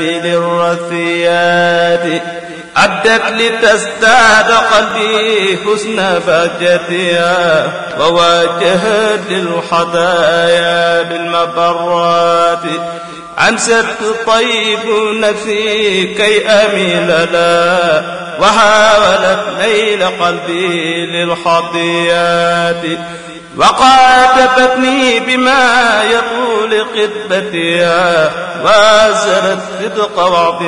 للرثيات عدت لتزداد قلبي حسن بهجتها وواجهت للحدايا بالمبرات أمست طيب نفسي كي أميل لا وحاولت ليل قلبي للحضيات وقاتفتني بما يقول خطبتها وازرت صدق وعد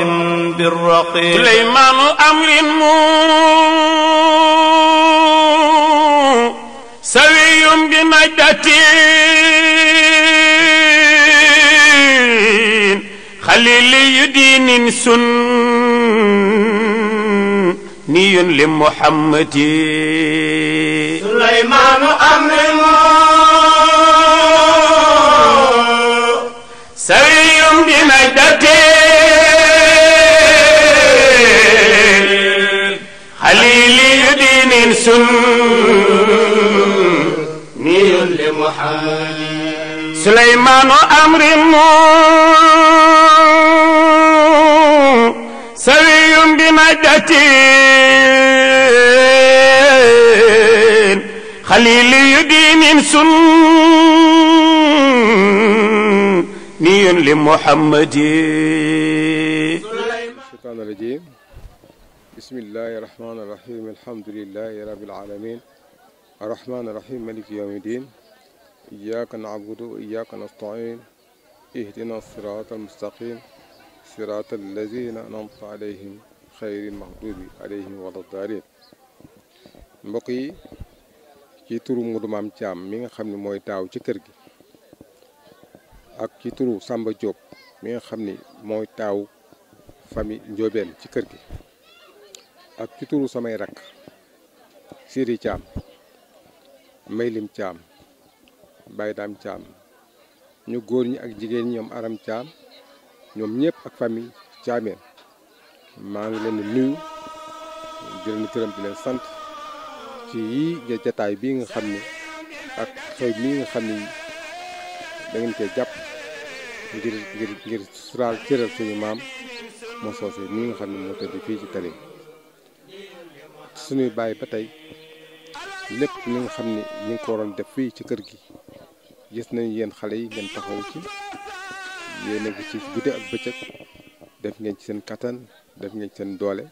بالرقيق سليمان أمر مو سوي بمجدتين خليلي دين سني لمحمد سليمان أمرمو سري بمجدته خليلي دين سن نيل لمحمد سليمان أمرمو سري بمدة خليلي دين سني لمحمد الشيطان الرجيم بسم الله الرحمن الرحيم الحمد لله رب العالمين الرحمن الرحيم ملك يوم الدين إياك نعبد وإياك نستعين اهدنا الصراط المستقيم صراط الذين أنعمت عليهم xayril maxdubi alayhim wala daalliin mbokk yi ci turu Modou Mame Thiam mi nga xam ni mooy taaw ci kër gi ak ci turu Samba Diop mi nga xam ni mooy taaw famille Ndiobène ci kër gi ak ci turu samay rakk Siri Thiam Maylim Thiam Baye Dame ñu góor ñi ak jigéen ñi ñoom Aram Thiam ñoom ñëpp ak famille Thiamène maa ngi leen di nuyu di leen gërëm di leen sant ci yii jataay bii nga xam ne ak xew mii nga xam ne da ngeen jàpp ngir ngir ngir suraal cëral suñu maam moo soose mii nga xam ne moo tëdd fii ci tali suñuy bàyyi ba tey lépp li nga xam ne ñu ngi ko waroon def fii ci kër gi gis nañ yéen xale yi ngeen taxaw ci yéen a ci guddi ak bëccëg def ngeen ci seen kattan def ngeen seen doole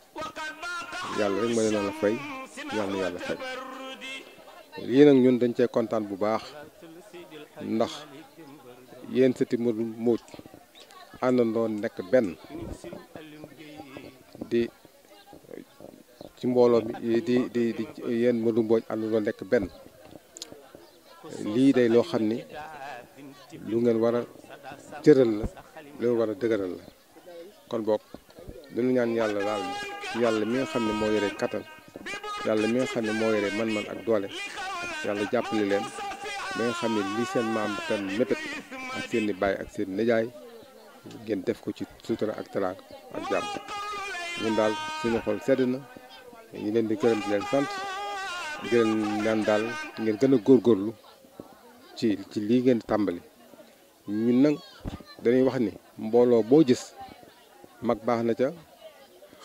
yàlla rek mën na la fay yàlla yàlla fay lii nag ñun dañ cee kontaan bu baax ndax yéen sëti mu muuc àndandoo nekk benn ci mbooloo mi di di mbooj àndandoo nekk benn lii day loo xam ni lu ngeen war a cëral la lu ngeen war a dëgëral la kon boog dañu ñaan yàlla daal yàlla mi nga xam ne moo yore kattan yàlla mi nga xam ne moo yore man-man ak doole yàlla jàppale leen ba nga xam ne li seen maam tam mépét ak seen i baay ak seen nijaay ngeen def ko ci sutura ak talaak ak jàmm ñun daal suñu xol sedd na ñu leen di gërëm di leen sant di leen ñaan daal ngeen gën a góorlu ci ci lii ngeen tàmbali ñun nag dañuy wax ni mbooloo boo gis mag baax na ca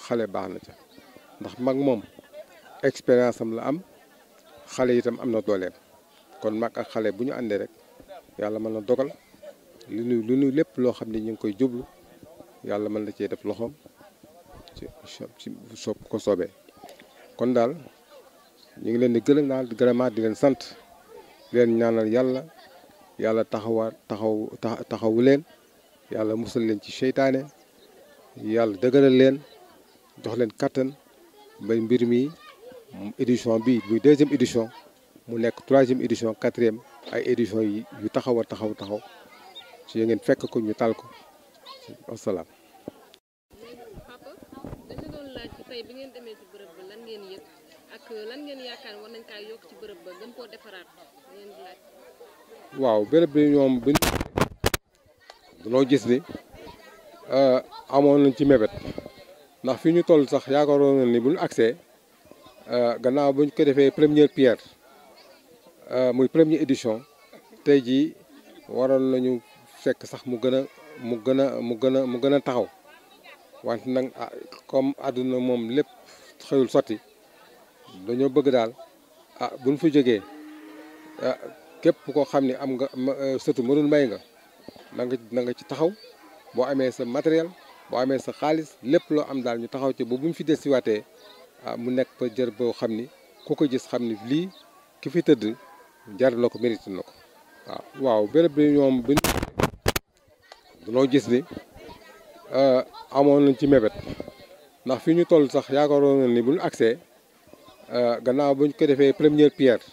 xale baax na ca ndax mag moom expérience am la am xale yitam am na dooleem kon mag ak xale bu ñu àndee rek yàlla mën na dogal lu nu lu nu lépp loo xam ne ñu ngi koy jublu yàlla mën na cee def loxoom ci soob ko soobee kon daal ñu ngi leen di gërëm daal di gërëmaat di leen sant leen ñaanal yàlla yàlla taxawaat taxaw taxawu leen yàlla musal leen ci seytaane yàlla dëgëral leen jox leen kattan ba mbir mi édition bi muy deuxième édition mu nekk troisième édition quatrième ay édition yi yu taxaw a taxaw taxaw su ngeen fekk ko ñu taal ko wasalaam. bi ngeen demee ci bërëb ba lan ngeen yëg ak lan ngeen yaakaar war nañ yokk ci bërëb ba gën koo defaraat waaw bërëb bi ñoom bi dañoo gis ni Euh, amoon nañ ci mébét ndax fi ñu toll sax yaakaaroon nañ ni bu ñu accès euh, gannaaw bu ñu ko defee première pierre euh, muy première édition tey jii waroon nañu fekk sax mu gën a mu gën a mu gën a mu gën a taxaw wante nag ah, comme àdduna moom lépp xëyul sotti dañoo bëgg daal ah bu ñu fi jógee ah, képp koo xam ne am nga sëtu mënul may nga na nga na nga ci taxaw. boo amee sa matériel boo amee sa xaalis lépp loo am daal ñu taxaw ci ba bu ñu fi desiwaatee ah, mu nekk ba jër boo xam ni ku ko gis xam ni lii ki fi tëdd jar na ko mérite na ko waaw. waaw béréb bi ñoom bu ñu danoo gis ni ah, amoon nañ ci mébét ndax fi ñu toll sax yaakaaroon na ni bu ñu agsee ah, gannaaw bu ñu ko defee première pierre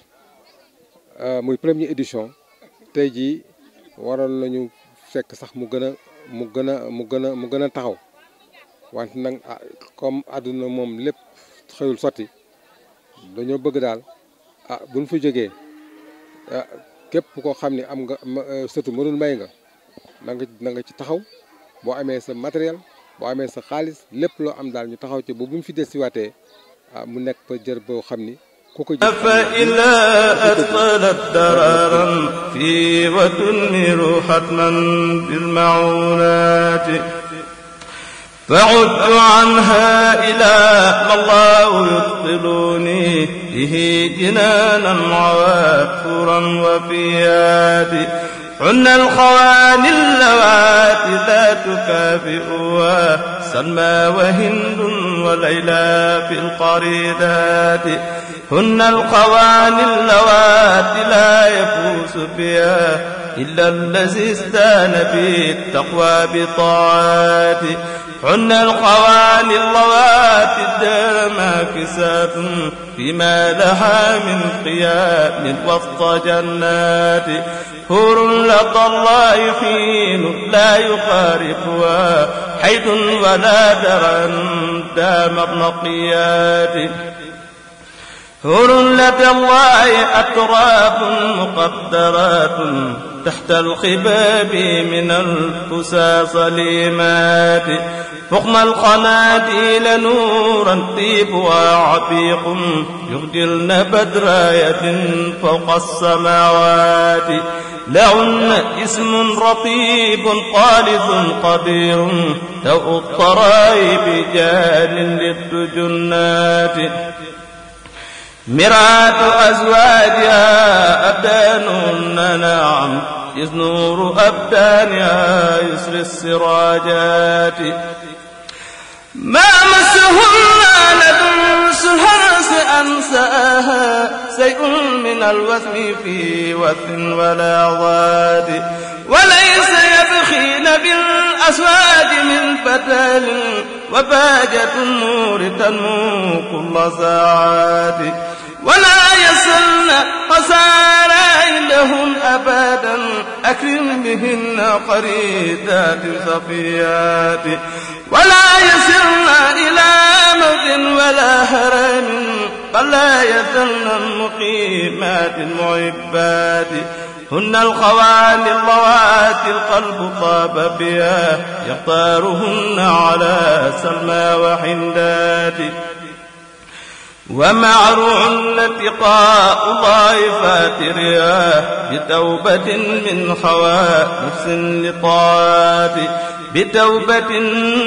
muy première édition tey jii waroon nañu fekk sax mu gën a. mu gën a mu gën a mu gën a taxaw wante nag ah, comme àdduna moom lépp xëyul sotti dañoo bëgg daal ah buñ fa jógee ah képp koo xam ne am nga euh, sëtu mënul may nga na nga na nga ci taxaw boo amee sa matériel boo amee sa xaalis lépp loo am daal ñu taxaw ci ba bu ñu fi desiwaatee ah mu nekk ba jër boo xam ni فإذا أثقلت درارا في وتنمر حتما بالمعونات فعدت عنها إلى ما الله يبطلني به جنانا عوافرا وفيات حن الخوان اللوات لا تكافئها سلمى وهند وليلى في القريدات هن القوان اللوات لا يفوز بها إلا الذي استان بالتقوى بطاعات هن القوان اللوات الدار ماكسات فيما لها من قيام وسط جنات حور لدى الله حين لا يقارفها حيث ولا درا دام النقيات هلة الله أتراب مقدرات تحت الخباب من الفسا صليمات فقم القناديل نورا طيب وعتيق يبدلن بدراية فوق السماوات لهن اسم رطيب خالد قدير توء الطرائب جان للجنات miraatu azwaajiha abdaanun naam is nuuru abdaaniha yusri siraajaati maa massahum naanatun أسهاس أنساها شيء من الوثم في وث ولا غاد وليس يبخين بالأسواد من فتال وباجة النور تنمو كل ساعات ولا يسلن فسارات عندهم أبدا أكرم بهن قريدات صفيات ولا يسرن إلى مد ولا هرم بل لا يزلن المقيمات المعبات هن الخوالي اللواتي القلب طاب بها يختارهن على سلمى وحندات ومع العلة قاء ضعيفات رياء بتوبة من خواء نفس لطاعات بتوبة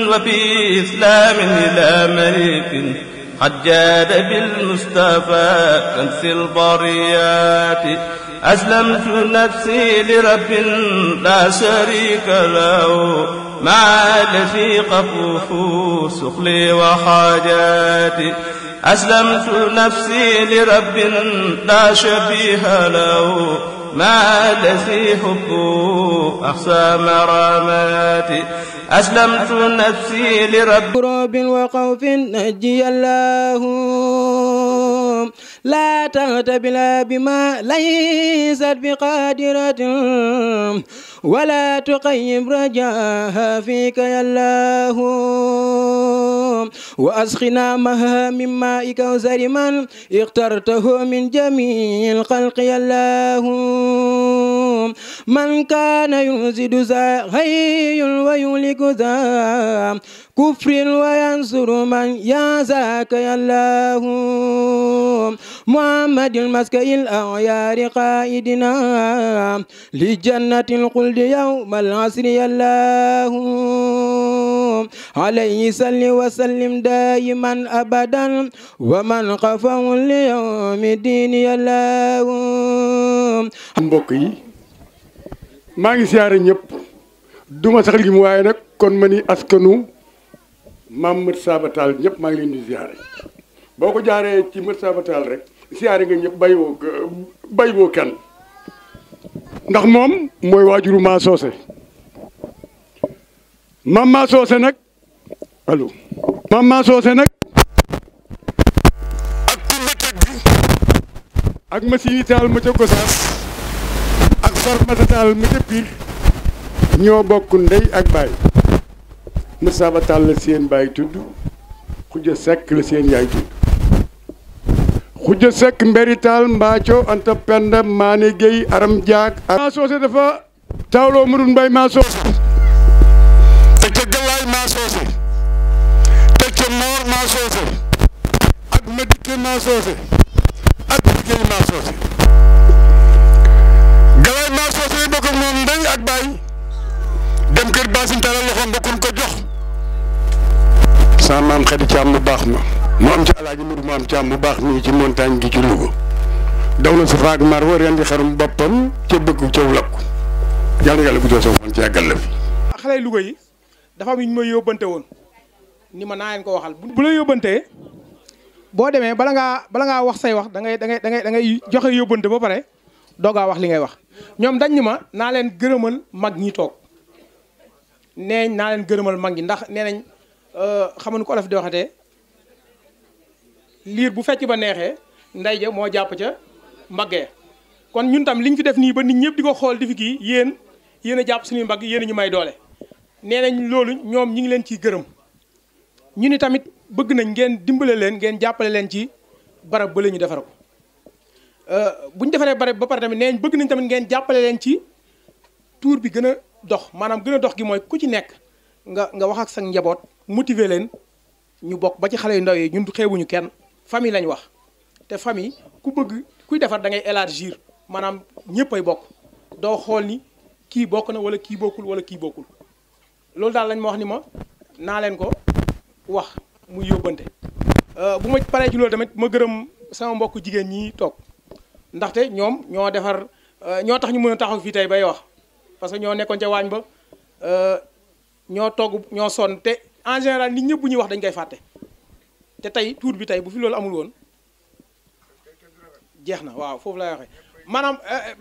وبإسلام إلى مليك قد جاد بالمصطفى كنس البريات أسلمت نفسي لرب لا شريك له مع الذي قفوه سخلي وحاجاتي أسلمت نفسي لرب لا شبيه له ما الذي حبه أحصى مراماتي أسلمت نفسي لرب كروب وخوف نجي الله لا تغتبلا بما ليست بقادرة ولا تقيم رجاها فيك يا الله وأسقنا مها من مائك وزر من اخترته من جميع الخلق يا الله منهم من كان يفسد ذا حي ويهلك ذا كفر وينصر من يعزاك يا الله محمد المسك الأغيار قائدنا لجنة الخلد يوم العصر يا الله عليه صل وسلم دائما أبدا ومن قفه ليوم الدين يا الله mbokk yi maa ngi siyaare ñëpp duma sax li waaye nag kon ma ni askanu maam Mët Sabatal ñëpp maa ngi leen di siyaare boo ko jaaree ci Mët Sabatal rek siyaare nga ñëpp bay woo bay kenn ndax moom mooy waajuru maa soose maam maa soose nag allo maam maa soose nag ak ci mbëtëg taal ma ca Gosaas Sarmata Tall mi ca Pire ñoo bokk ndey ak baay Moustapha Tall la seen baay tudd Khoudia Seck la seen yaay tudd Khoudia Seck Mbéri Tall Mbaaco Anta Penda Mané Gueye Aram Diak maa soose dafa tawloo mënul mbay maa soose te ca Gallaay maa soose te ca Mor maa soose ak Madické maa soose ak Gueye maa soose noonu ndey ak baay dem kër Baasin Talla loxoom ba kun ko jox sama maam xedi caam mu baax ma mu am ci alaaji mur mu am caam mu baax mii ci montagne gi ci Louga daw na sa faak mar wa rendi xarum boppam ca bëgg caw lakku yàlla yàlla guddal sa fan ci àggal la fi xale Louga yi dafa am ñu ma yóbbante woon ni ma naa leen ko waxal bu la yóbbantee boo demee bala ngaa bala ngaa wax say wax dangay ngay da ngay da da ngay joxe yóbbante ba pare doogaa wax li ngay wax ñoom dañ ma naa leen gërëmal mag ñi toog nee naa leen gërëmal mag ñi ndax nee nañ euh, xamuñu ko olof di waxatee liir bu fecc ba neexee ndey ja moo jàpp ca mbaggee kon ñun tam liñ fi def nii ba nit ñëpp di ko xool di fi kii yéen yéen a jàpp suñuy mbagg yéen ñu may doole nee nañ loolu ñoom ñi ngi leen ciy gërëm ñu ni tamit bëgg nañ ngeen dimbale leen ngeen jàppale leen ci barab ba ñu defar ko Euh, bu ñu defaree bare ba pare tamit nee bëgg nañ tamit ngeen jàppale leen ci tour bi gën a dox maanaam gën a dox gi mooy ku ci nekk nga nga wax ak sa njaboot motiver leen ñu bokk ba ci xale yu ndaw yi ñun xeebuñu kenn famille lañ wax te famille ku bëgg kuy defar da ngay élargir maanaam ñëpp ay bokk doo xool ni kii bokk na wala kii bokkul wala kii bokkul loolu daal lañ ma wax ni ma naa leen ko wax muy yóbbante euh, bu ma paree ci loolu tamit ma gërëm sama mbokk jigéen ñi toog ndaxte ñoom ñoo defar euh, ñoo tax ñu mën a taxaw fii tey bay wax parce que ñoo nekkoon ca waañ ba euh, ñoo togg ñoo sonn te en général nit ñëpp bu ñuy wax dañ koy fàtte te tey tuur bi tey bu fi loolu amul woon jeex na waaw foofu laay waxee maanaam euh,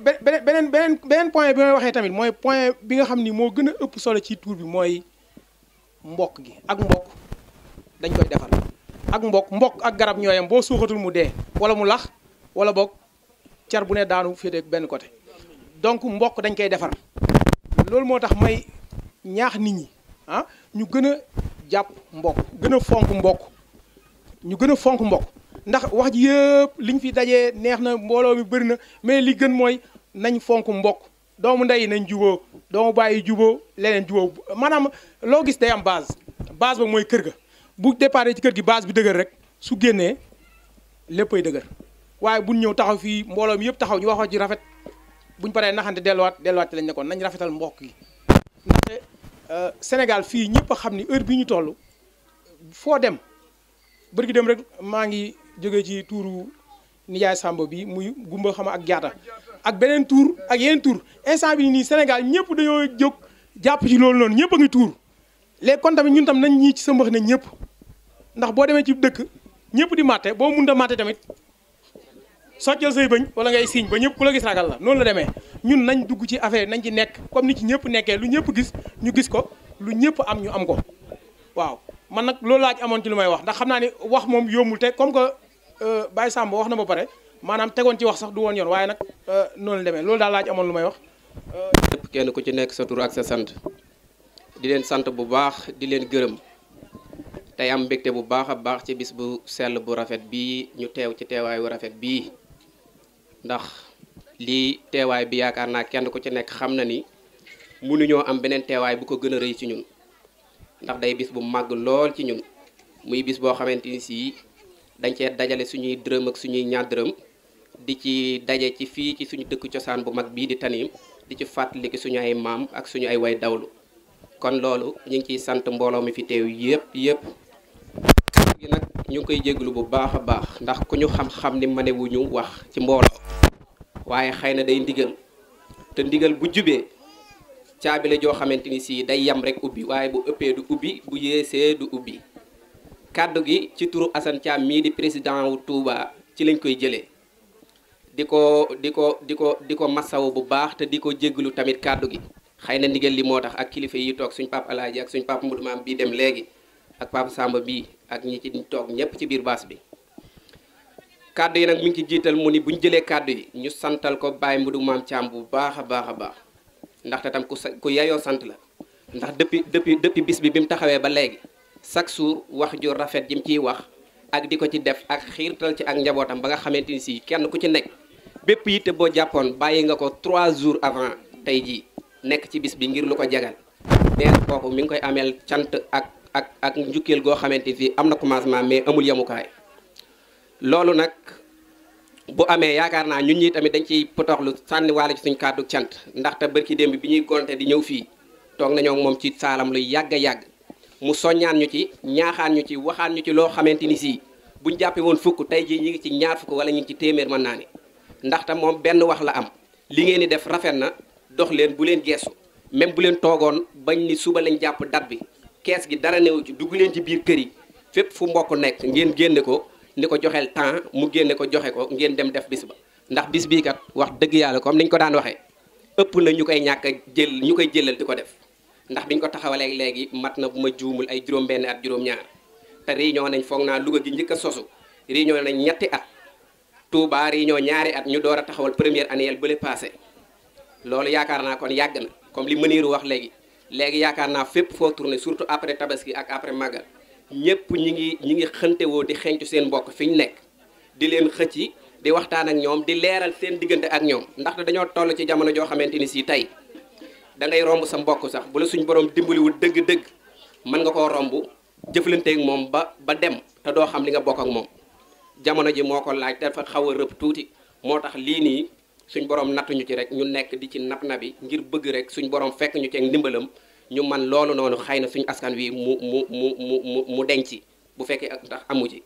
beneen beneen beneen point bi may waxee tamit mooy point bi nga xam ni moo gën a ëpp solo ci tuur bi mooy mbokk gi ak mbokk dañ koy defar ak mbokk mbokk ak garab ñooyam boo suuxatul mu dee walla mu lax wala boog car bu ne daanu féete benn côté donc mbokk dañ koy defar loolu moo tax may ñaax nit ñi ah ñu gën a jàpp mbokk gën fonk mbokk ñu gën a fonk mbokk ndax wax ji yëpp liñ fi dajee neex na mbooloo mi bëri na mais li gën mooy nañ fonk mbokk doomu ndey nañ juboo doomu bàyyi juboo leneen juboo maanaam loo gis day am base base ba mooy kër ga bu départ ci kër gi base bi dëgër rek su génnee léppay dëgër waaye buñ ñëw taxaw fii mbooloo mi yëpp taxaw ñu waxoo ci rafet buñ paree naxante delluwaat delluwaat ci lañ nekkoon nañ rafetal mbokk yi ndaxte euh, Sénégal fii ñëpp a xam ni heure bi ñu toll foo dem bërgi dem rek maa ngi jóge ci tuuru nijaay Samba bi muy gumba xama ak jaata ak beneen tuur ak yeneen tuur instant bi nii Sénégal ñëpp dañoo jóg jàpp ci loolu noonu ñëpp a ngi tuur léegi kon tamit ñun tam nañ ñii ci sa mbax ne ñëpp ndax boo demee ci dëkk ñëpp di màtte boo mënut a màtte tamit soccal say bañ wala ngay siiñ ba ñëpp ku la gis ragal la noonu la demee ñun nañ dugg ci affaire nañ ci nekk comme ni ci ñëpp nekkee lu ñëpp gis ñu gis ko lu ñëpp am ñu am ko waaw man nag loolu laaj amoon ci lu may wax ndax xam naa ni wax moom yombul te comme que euh, Baye Samba wax na ba pare maanaam tegoon ci wax sax du woon yoon waaye nag euh, noonu la demee loolu daal laaj amoon lu may wax lépp euh, kenn ku ci nekk sa tur ak sa sant di leen sant bu baax di leen gërëm tey am mbégte bu baax a baax ci bis bu sell bu rafet bii ñu teew ci teewaayu rafet bii ndax lii teewaay bi yaakaar naa kenn ku ci nekk xam na ni mënuñoo am beneen teewaay bu ko gën a rëy ci ñun ndax day bis bu màgg lool ci ñun muy bis boo xamante ni sii dañ cee dajale suñuy dërëm ak suñuy ñaar dërëm di ci daje ci fii ci suñu dëkk cosaan bu mag bii di Tanime di ci fàttaliki suñu ay maam ak suñu ay way dawlu kon loolu ñu ngi ciy sant mbooloo mi fi teew yëpp yëpp gi nag ñu ngi koy jéglu bu baax a baax ndax ku ñu xam-xam ni manewuñu wax ci mbooloo waaye xëy na day ndigal te ndigal bu jubee caabi la joo xamante ni si day yam rek ubbi waaye bu ëppee du ubbi bu yéesee du ubbi kàddu gi ci turu Assane Thiam mii di président wu Touba ci lañ koy jële di ko di ko di ko di ko masawu bu baax te di ko jéggalu tamit kàddu gi xëy na ndigal li moo tax ak kilifa yi toog suñ pap alaaji ak suñ pap Moudoumam bii dem léegi ak pap Samba bii ak ñi ci toog ñëpp ci biir baas bi kàddu yi nag mi ngi ci jiital mu ni bu ñu jëlee kàddu yi ñu santal ko bàyyi mbudu maam Thiam bu baax a baax a baax ndaxte tam ku sa ku yayoo sant la ndax depuis depuis depuis bis bi bi mu taxawee ba léegi chaque jour wax ju rafet ji mu ciy wax ak di ko ci def ak xiirtal ci ak njabootam ba nga xamante ni si kenn ku ci nekk bépp yitte boo jàppoon bàyyi nga ko trois jours avant tey jii nekk ci bis bi ngir lu ko jagal neen kooku mi ngi koy ameel cant ak ak ak njukkeel goo xamante ni am na commencement mais amul yemukaay loolu nag bu amee yaakaar naa ñun ñi tamit dañ ciy potoxlu sànni waale ci suñ kàddu cant ndaxte bërki démb bi ñuy gonte di ñëw fii toog nañoo moom ci saalam luy yàgg a yàgg mu soññaan ñu ci ñaaxaan ñu ci waxaan ñu ci loo xamante ni sii buñ jàppee woon fukk tey jii ñi ngi ci ñaar fukk wala ñu ngi ci téeméer mën naa ne ndaxte moom benn wax la am li ngeen di def rafet na dox leen bu leen geesu même bu leen toogoon bañ ni suba lañ jàpp date bi kees gi dara newu ci dugg leen ci biir kër yi fépp fu mbokk nekk ngeen génne ko ni ko joxeel temps mu génne ko joxe ko ngeen dem def bis ba ndax bis bii kat wax dëgg yàlla comme ñu ko daan waxee ëpp na ñu koy ñàkk a jël ñu koy jëlal di ko def ndax biñ ko taxawalee léegi mat na bu ma juumul ay juróom-benn at juróom-ñaar te réunion nañ foog naa Louga gi njëkk a sosu réunion nañ ñetti at Touba réunion ñaari at ñu door a taxawal première annuelle bële passé loolu yaakaar naa kon yàgg na comme li mëniiru wax léegi léegi yaakaar naa fépp foo tourné surtout après tabaski ak après ñëpp ñi ngi ñi ngi xëntewoo di xencu seen mbokk fi ñu nekk di leen xëcci di waxtaan ak ñoom di leeral seen diggante ak ñoom ndaxte dañoo toll ci jamono joo xamante ni si tey da romb sa mbokk sax bu la borom dimbaliwul dëgg mën nga koo romb jëflanteeg moom ba ba dem te doo xam li nga bokk ak moom jamono ji moo ko laaj dafa xaw a rëb tuuti moo tax lii nii suñ borom nattuñu ci rek ñu nekk di ci nap nabi ngir bëgg rek suñ borom fekk ñu ci ak ndimbalam ñu man loolu noonu xay na suñu askan wi mu mu mu mu mu mu denc bu fekkee ndax amu ci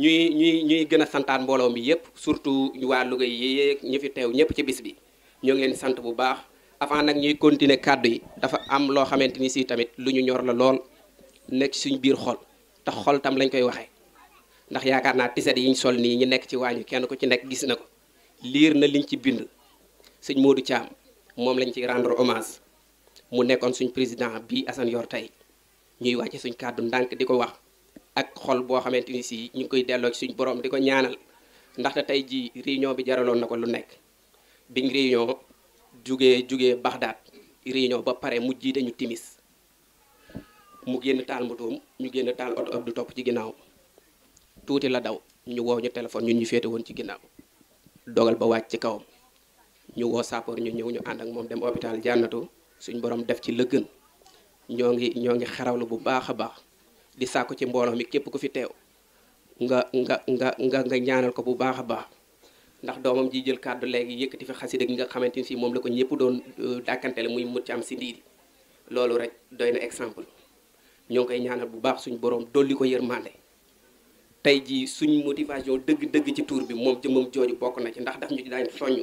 ñuy ñuy ñuy gën a santaan mbooloo mi yëpp surtout waa Louga yi ñu fi teew ñëpp ci bis bi ñoo ngi leen sant bu baax avant nag ñuy continuer kàddu yi dafa am loo xamante ni si tamit lu ñu ñor la lool nekk suñ biir xol tax xol tam lañ koy waxee ndax yaakaar naa tiset yi ñu sol nii ñu nekk ci waañu kenn ku ci nekk gis na ko liir na liñ ci bind sëñ Modou Thiam moom lañ ci rendre hommage mu nekkoon suñ président bi Assane yor tey ñuy wàcce suñ kàddu ndànk di ko wax ak xol boo xamante ni si ñu ngi koy delloo ci suñ borom di ko ñaanal ndaxte tey jii réunion bi jaraloon na ko lu nekk biñ réunion jóge jóge Baxdaad réunion ba pare mu jiite ñu timis mu génn taal motoom ñu génn taal oto ab du topp ci ginnaaw tuuti la daw ñu woo ñu téléphone ñun ñu féete woon ci ginnaaw dogal ba wàcc ci kawam ñu woo sapeur ñu ñëw ñu ànd ak moom dem hôpital jànnatu suñ borom def ci la ñoo ngi ñoo ngi xarawlu bu baax a baax di sàkku ci mbooloo mi képp ku fi teew nga nga nga nga nga ñaanal ko bu baax a baax ndax doomam ji jël kàddu léegi yëkkati fi xasida gi nga xamante ni si moom la ko ñëpp doon euh, dàkkantele muy mucc am si ndiidi loolu rek doy na exemple ñoo ngi koy ñaanal bu baax suñ borom dolli ko yërmande tey jii suñ motivation dëgg-dëgg ci tuur bi moom jëmmam jooju bokk na ci ndax daf ñu daan soññ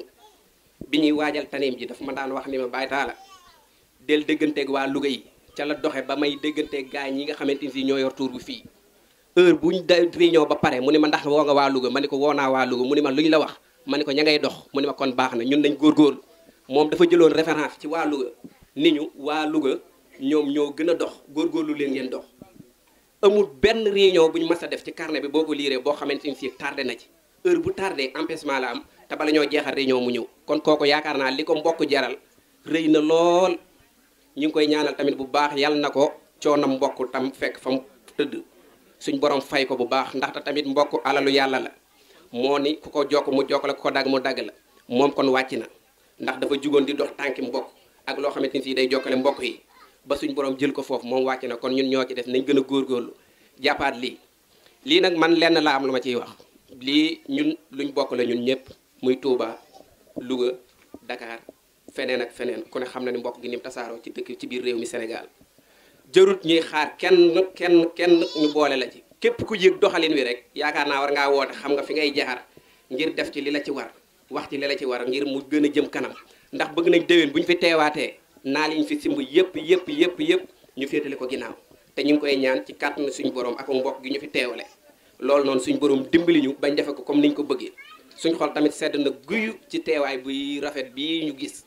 bi ñuy waajal taneem daf ma daan wax ni ma del dégganteeg waa Louga yi ca la doxe ba may dégganteeg gars yi nga xamante ni si ñoo yor tuur bi fii heure buñ da réunion ba pare mu ne ma ndax woo nga waa Louga ma ne ko woo naa waa Louga mu ne ma lu ñu la wax ma ne ko ña ngay dox mu ne ma kon baax na ñun nañ góor moom dafa jëloon référence ci waa ni ñu waa Louga ñoom ñoo gën a dox góorgóorlu leen ngeen dox amul benn réunion bu ñu mës a def ci karne bi boo ko liiree boo xamante ni si tardé na ci heure bu tardé empêchement la am te bala ñoo jeexal réunion mu ñëw kon kooku yaakaar naa li ko mbokk jaral ñu ngi koy ñaanal tamit bu baax yàlla na ko coonam mbokk tam fekk fa mu tëdd suñ borom fay ko bu baax ndaxte tamit mbokk alalu yàlla la moo ni ku ko jokk mu jokk ko dagg mu dagg la moom kon wàcc na ndax dafa jugoon di dox tànki mbokk ak loo xamante ni si day jokkale mbokk yi ba suñ borom jël ko foofu moom wàcc na kon ñun ñoo ci def nañ gën a góorgóorlu jàppaat lii lii nag man lenn laa am lu ma ciy wax lii ñun luñ bokk la ñun ñëpp muy tuubaa Louga Dakar feneen ak feneen ku ne xam na ni mbokk gi ni mu tasaaroo ci dëkk ci biir réew mi Sénégal jërut ñuy xaar kenn kenn kenn ñu boole la ci képp ku yëg doxalin wi rek yaakaar naa war ngaa woote xam nga fi ngay jaar ngir def ci li la ci war wax ci li la ci war ngir mu gën a jëm kanam ndax bëgg nañ déwén bu ñu fi teewaatee naa liñ fi simb yëpp yëpp yëpp yëpp ñu féetale ko ginnaaw te ñu ngi koy ñaan ci kàttanu suñu borom ak mbokk gi ñu fi teewale loolu noonu suñu borom dimbali ñu bañ defe ko comme niñ ko bëggee suñ xol tamit sedd na guyu ci teewaay buy rafet bii ñu gis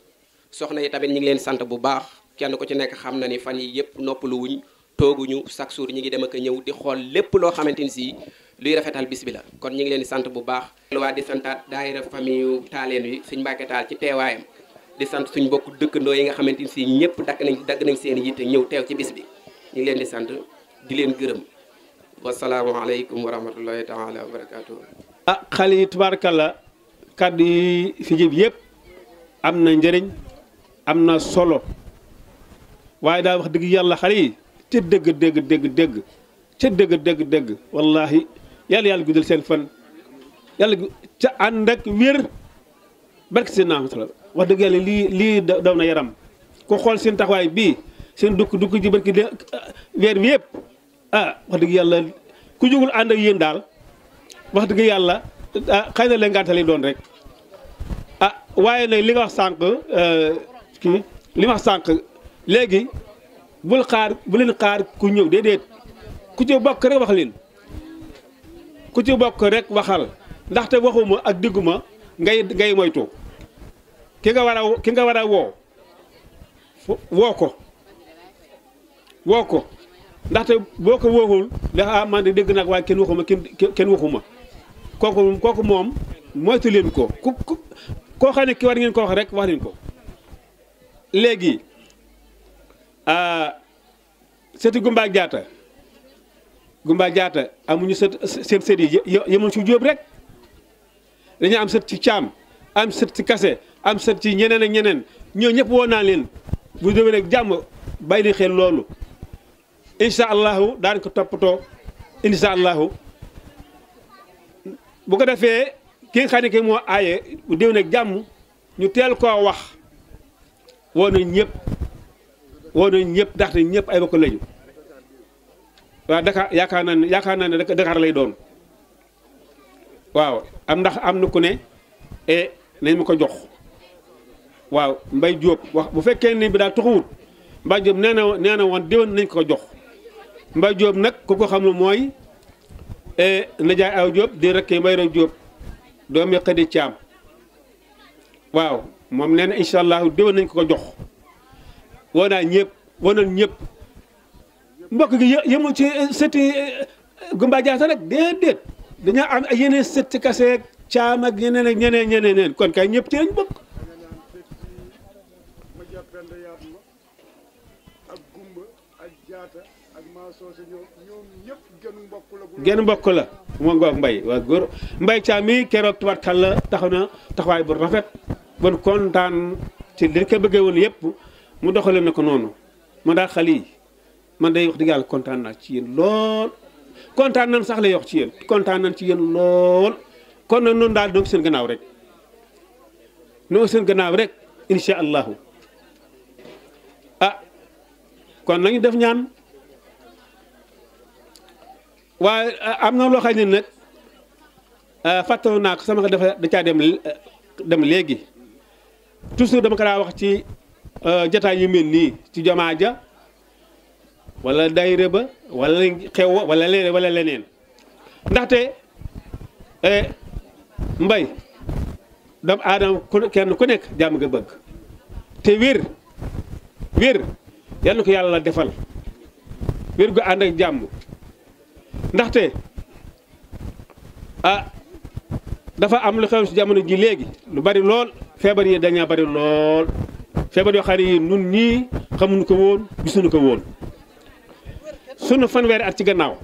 soxna yi tamit ñu ngi leen sant bu baax kenn ku ci nekk xam na ni fan yi yëpp noppalu wuñ tooguñu chaque jour ñi ngi dem ak ñëw di xool lépp loo xamante ni si luy rafetal bis bi la kon ñu ngi leen di sant bu baax waa di santaat daayira famille taaleen yi suñ Mbàkke ci teewaayam di sant suñ mbokku dëkkandoo yi nga xamante ni si ñëpp dakk nañ dagg nañ seen yitte ñëw teew ci bis bi ñu leen di sant di leen gërëm wasalaamaaleykum wa rahmatullahi taala wa barakaatu ah xale yi tubaarkalla kàddu yi fi jib yëpp am na njëriñ am na solo waaye daal wax dëgg yàlla xale yi ca dëgg dëgg dëgg dëgg ca dëgg dëgg dëgg wallaahi yàlla yàlla guddal seen fan yàlla ca ànd ak wér barke seen naam solo wax dëgg yàlla lii lii daw na yaram ku xool seen taxawaay bii seen dukk dukk ji barki de weer bi yëpp ah wax dëgg yàlla ku jógul ànd ak yéen daal wax dëgg yàlla ah, xëy na leen ngàntale doon rek ah waaye nag li nga wax sànq euh, kii li ma sànq léegi bul xaar bu leen xaar ku ñëw déedéet ku ci bokk rek wax leen ku ci bokk rekk waxal ndaxte waxuma ak digguma ngay ngay moytu ki nga war a ki nga war a woo woo ko woo ko ndaxte boo ko woowul dafa ah, man de dégg nag waaye kenn waxuma kenn kenn waxuma kooku kooku moom moytu leen ko ku koo xam ne ki war ngeen ko wax rek wax leen ko léegi euh, sëti Gumba Jaata Gumba Jaata amuñu sët seen sët yi yemoon ci jóob rek dañu am sët ci caam am sët ci kase am sët ci ñeneen ñeneen ñoo ñëpp woo naa leen bu demee rek jàmm bàyyi xel loolu incha allahu daan ko toppatoo incha allahu bu ko defee ki nga xam ne aaye bu déw nag jàmm ñu teel koo wax woo nañ ñëpp woo nañ ñëpp ndaxte ñëpp ay bokk lañu waaw Dakar yaakaar naa ne yaakaar naa ne Dakar lay doon waaw am ndax am na ku ne e nañ ma ko jox waaw Mbaye Diop bu fekkee ne bi daal tuxuwut Mbaye Diop nee na nee na woon déwén nañ ko jox Mbaye Diop nag ku ko xam ne mooy e, Ndiaye Aw Diop di rek Mbaye Diop doomi Xadi Caam waaw moom nee na incha allah déwén nañ ko ko jox wanaa ñëpp wanal ñëpp mbokk gi yëmu ci euh, sëti euh, Gumba Jaasa rek déedéet dañoo am ay yeneen sëti kaseeg caam ak ñeneen ak ñeneen ñeneen kon ñëpp ci lañ bokk genn mbokk la moo ngoog mbay waa góor mbay caam mi keroog tubaarkal la taxaw na taxawaay bu rafet ba kontaan ci li ko bëggee woon yëpp mu doxale na ko noonu ma daal xale yi man day wax dëgg yàlla kontaan naa ci yéen lool kontaan nañ sax lay wax ci yéen kontaan nañ ci yéen lool kon noonu daal noo seen gannaaw rek noo seen gannaaw rek incha allahu ah kon lañu def ñaan waaye ah, am na loo xam ne nag ah, fàttali naa ko sama dafa da dem eh, dem léegi. toujours dama ko daa wax ci euh, jataay yu mel nii ci jamaa ja wala dayre ba wala xew wala leneen wala leneen ndaxte eh, mbay dam aadama ku kenn ku nekk jàmm nga bëgg te wér wér yal na ko yàlla defal wér gu ànd ak jàmm ndaxte a ah, dafa am lu xew ci jamono ji léegi lu bari lool feebar yi dañaa bari lool feebar yoo xam ne nun ñii xamuñu ko woon gisuñu ko woon sunu fanweeri at ci gannaaw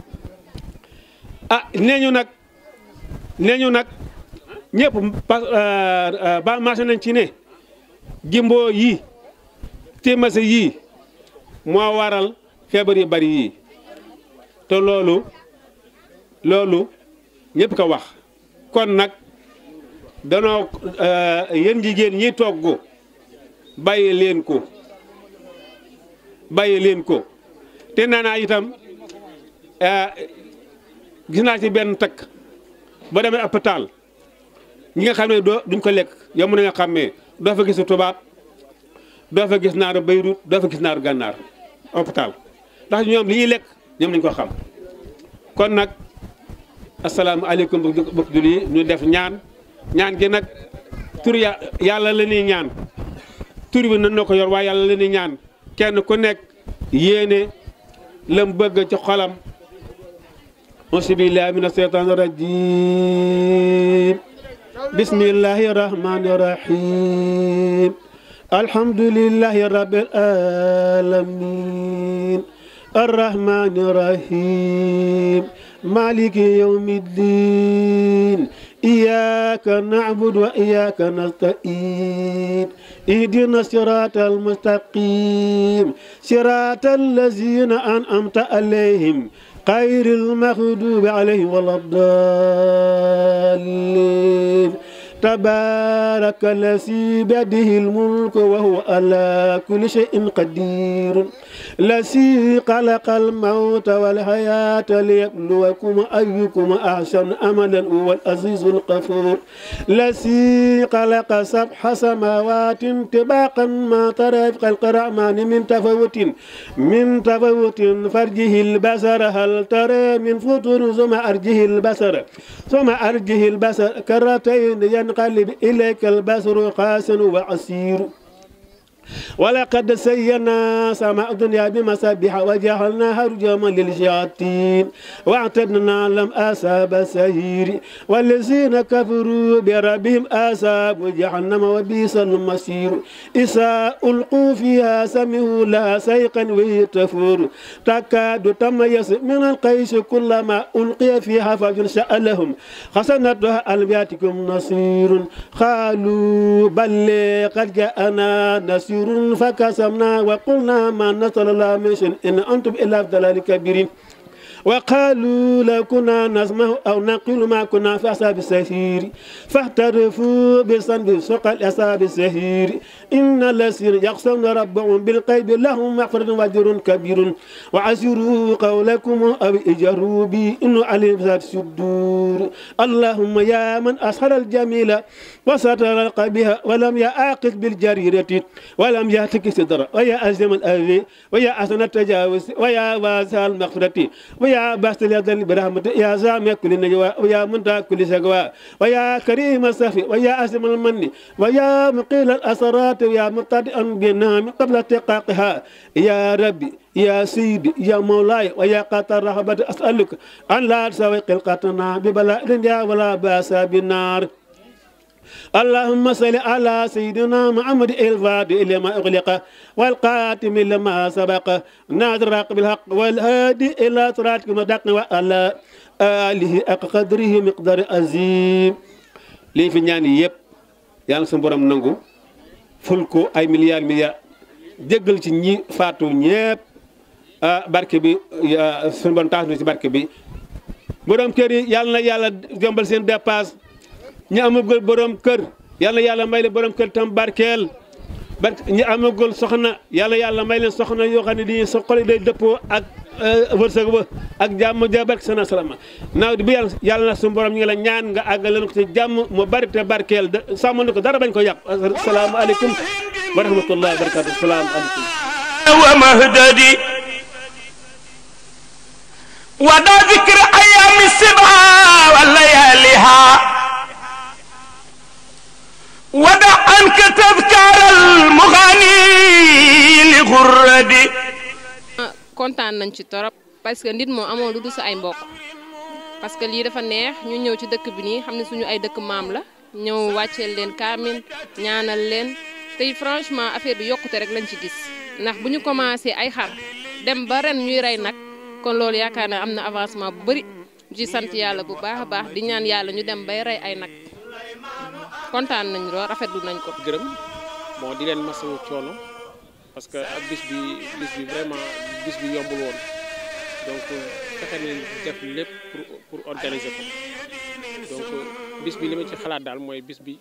ah nee ñu nag nee nag ñëpp euh, euh, ba marché nañ ci ne jimbo yi téemase yii moo waral feebar yu bari yii te loolu loolu ñëpp ko wax kon nag danoo euh, yéen jigéen ñi togg bàyyi leen ko bàyyi leen ko te nee naa itam euh, gis naa ci benn takk boo demee hôpital ñi nga xam ne doo duñ ko lekk yomb na nga xam ne doo fa gis tubaab doo fa gis naaru Beyrut doo fa gis naaru gànnaar hôpital ndax ñoom li ñuy lekk ñoom nañu ko xam kon nag asalaamaaleykum bokk julli ñu def ñaan ñaan gi tur yàlla la ñuy ñaan tur bi nan na ko yor waaye yàlla ñaan kenn ku nekk yéene lam bëgg ci xolam auzubillahi mina sheytaani rajim bismillahi rahmani rahim alhamdulillahi rabbil alamin arrahmani rahim maliki yawmiddin إياك نعبد وإياك نستعين اهدنا الصراط المستقيم صراط الذين أنعمت عليهم غير المغضوب عليهم ولا الضالين تبارك الذي بيده الملك وهو على كل شيء قدير الذي خلق الموت والحياة ليبلوكم أيكم أحسن أملا هو العزيز الغفور الذي خلق سبع سماوات طباقا ما ترى في خلق الرحمن من تفوت من تفوت فرجه البصر هل ترى من فطور ثم أرجه البصر ثم أرجه البصر كرتين ينقلب إليك البصر قاسا وعسير ولقد زينا سماء الدنيا بمسابح وجعلناها رجاما للشياطين واعتدنا لم أصاب سهير والذين كفروا بربهم أصاب جهنم وبئس المصير إذا ألقوا فيها سمعوا لها سيقا وهي تفور تكاد تميز من القيس كلما ألقي فيها فوج سألهم خسنتها ألم يأتكم نصير قالوا بل قد جاءنا نصير سرور فكسمنا وقلنا ما نزل الله من شيء إن أنتم إلا في ضلال كبير وقالوا لو كنا نسمع أو نقول ما كنا في أصحاب السفير فاحترفوا بصنب سوق الأصحاب السفير إن الذين يخشون ربهم بالقيب لهم مغفرة وأجر كبير وعسروا قولكم أو اجروا بي إنه عليم ذات الصدور اللهم يا من أسهر الجميل وستر القبيح ولم يعاقب بالجريرة ولم يهتك صدر ويا أزم الأذي ويا أسن التجاوز ويا واسع المغفرة ويا ويا باسل يا ذنب برحمة يا زامي كل نجوى ويا منتهى كل شقوى ويا كريم الصفي ويا أسم المن ويا مقيل الأسرات ويا مقتدئا بنام قبل اتقاقها يا ربي يا سيدي يا مولاي ويا قاتل رحبة أسألك أن لا تسوي قلقتنا ببلاء يا ولا بأس بالنار اللهم صل على سيدنا محمد الفاضي لما أغلق والقاتم لما سبق نادرك بالحق والهادي إلى صراطك المستقيم وعلى آله أق قدره مقدار عظيم lii fi ñaan yi yëpp yàlla suñu borom nangu ful ay milliards milliards jéggal ci ñi faatu ñëpp ah, barke bi suñu borom taas ci barke bi borom kër yi na yàlla jombal seen dépasse ñi amagul borom kër yàlla yàlla may leen borom kër tam barkeel barke ñi amagul soxna yàlla yàlla may leen soxna yoo xam ne dañuy soxla day dëppoo ak euh, wërsëg ba ak jàmm ja barke sana salama naaw bi yàlla yàlla na suñu borom ñu ngi la ñaan nga àggal leen ko ci jàmm mu bari te barkeel sàmm ko dara bañ ko yàq asalaamaaleykum wa rahmatullahi wa barakatu salaamaaleykum wa mahdadi wada zikr ayami siba wa layaliha ودع عنك تذكار المغاني لغردي kontaan nañ ci torop parce que nit moo amoon lu du sa ay mbokk parce que lii dafa neex ñu ñëw ci dëkk bi nii xam ne suñu ay dëkk maam la ñëw wàcceel leen kaamil ñaanal leen tey franchement affaire bi yokkute rek lañ ci gis ndax bu ñu commencé ay xam dem ba ren ñuy rey nag kon loolu yaakaar naa am na avancement bu bëri ci sant yàlla bu baax a baax di ñaan yàlla ñu dem bay rey ay nag kontaan nañ lool rafetlu nañ ko. gërëm bon di leen masawu coono parce que ak bis bi bis bi vraiment bis bi yombul woon donc fexe nañ def lépp pour pour organiser ko donc bis bi li ma ci xalaat daal mooy bis bi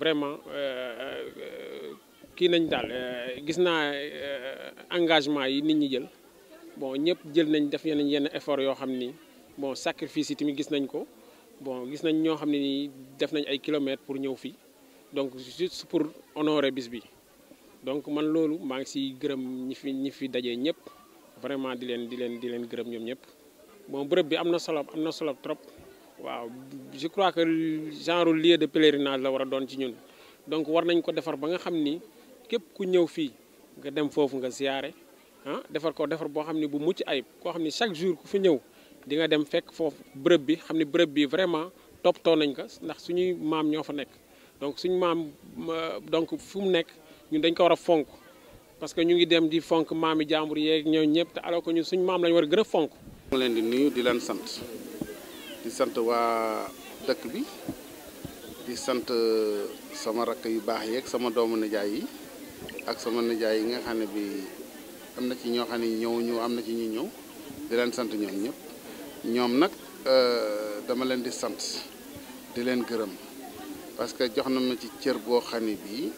vraiment euh, euh, kii nañ daal euh, gis naa engagement yi nit ñi jël bon ñëpp jël nañ def yeneen yenn effort yoo xam ni bon sacrifice yi tamit gis nañ ko. bon gis nañ ñoo xam ne nii def nañ ay kilomètres pour ñëw fii donc juste pour honorer bis bi donc man loolu maa ngi si gërëm ñi fi ñi fi dajee ñëpp vraiment di leen di leen di leen gërëm ñoom ñëpp bon bërëb bi am na solo am na solo trop waaw je crois que genre lieu de pèlerinage la war a doon ci ñun donc war nañ ko defar ba nga xam ni képp ku ñëw fii nga dem foofu nga ziyaare ah defar ko defar boo xam ne bu mucc ayib koo xam ne chaque jour ku fi ñëw di nga dem fekk foofu bërëb bi xam ne bërëb bi vraiment toppatoo nañ ko ndax suñuy maam ñoo fa nekk donc suñ maam donc fu mu nekk ñun dañ ko war a fonk parce que ñu ngi dem di fonk maami jàmbur yeeg ñoo ñëpp te alors que ñun suñu maam lañ war a gën a fonk. ma di nuyu di leen sant sant waa dëkk bi di sant euh, sama rakk yu baax yeeg sama doomu nijaay yi ak sama nijaay yi nga xam bi am na ci ñoo xam ne ñëw ñu am na ci ñu ñëw di leen sant ñoom ñëpp. ñoom nag euh, dama leen di sant di leen gërëm parce que jox na ma ci cër boo xam ne bii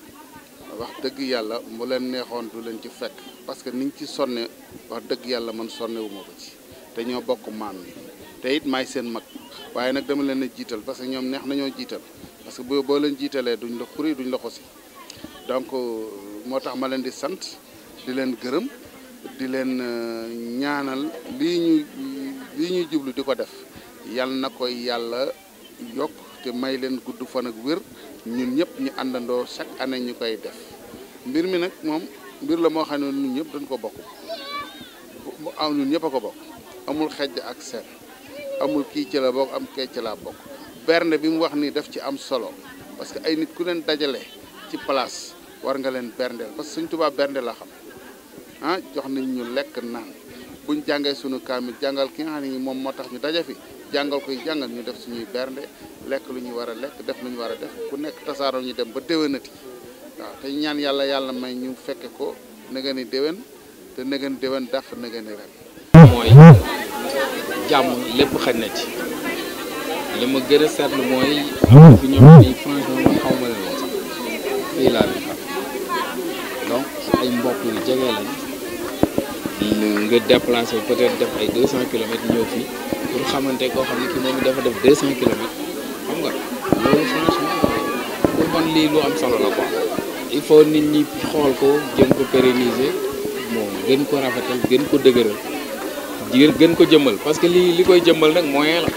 wax dëgg yàlla mu leen neexoon du leen ci fekk parce que niñ ci sonne wax dëgg yàlla man sonne wu ma ko ci te ñoo bokk maam yi te it maay seen mag waaye nag dama leen a jiital parce que ñoom neex nañoo jiital parce que boo boo leen jiitalee duñ la xuri duñ la xosi donc euh, moo tax ma leen di sant di leen gërëm di leen euh, ñaanal lii ñu li ñuy jiblu di ko def yal na koy yàlla yokk te may leen gudd fan ak wér ñun ñëpp ñu àndandoo chaque année ñu koy def mbir mi nag moom mbir la moo xam ne ñun ñëpp dañ ko bokk mu am ñëpp ko bokk amul xej ak seen amul kii ci la bokk am kee ci laa bokk bernde bi mu wax nii daf ci am solo parce que ay nit ku leen dajale ci place war nga leen berndeel parce que Sëñ Tuubaa bernde la xam ah jox nañ ñu lekk naan buñ jàngee sunu kaamil jàngal ki nga xam ne moom moo tax ñu daje fi jàngal koy jàngal ñu def suñuy bernde lekk lu ñu war a lekk def lu ñu war a def ku nekk tasaaroo ñu dem ba déwénati waaw te ñaan yàlla yàlla may ñu fekke ko na nga te na ngeen déwén daf na ngeen mooy jàmm lépp xaj na ci li ma gën a seetlu mooy. fi ñoom nii franchement xaw ma leen woon sax fii laa leen xam donc ay mbokk yu jege nga déplacé peut-être def ay 200 kilomètres ñëw fii pour xamante koo xam ne ki moom dafa def 200 kilomètres xam nga loolu franchement pour man lii lu am solo la quoi il faut nit ñi xool ko gën ko pérenniser moom gën ko rafetal gën ko dëgëral gën ko jëmmal parce que lii li koy jëmmal nag moyen la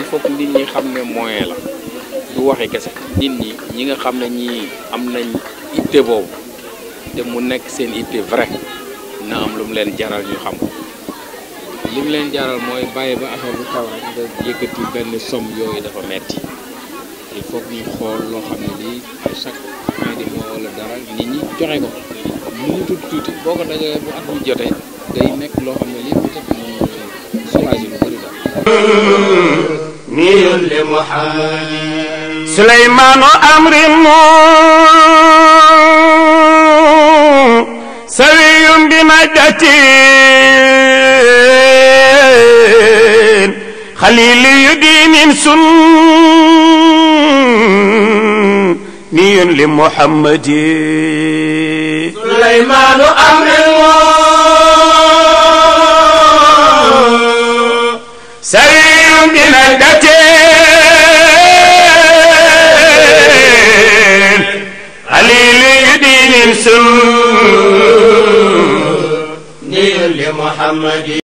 il faut que nit ñi xam ne moyen la du waxi kese nit ñi ñi nga xam ne ñi am nañ idée boobu te mu nekk seen idée vrai na am leen jaral ñu xam ko li mu mooy bàyyi ba affaire bi xaw benn somme yooyu dafa metti il faut que ñu xool loo xam ne lii de mois wala dara nit loo xam ne lii سوي بمدة خليل يدين سني لمحمد سليمان أمر الله سوي بمدة محمد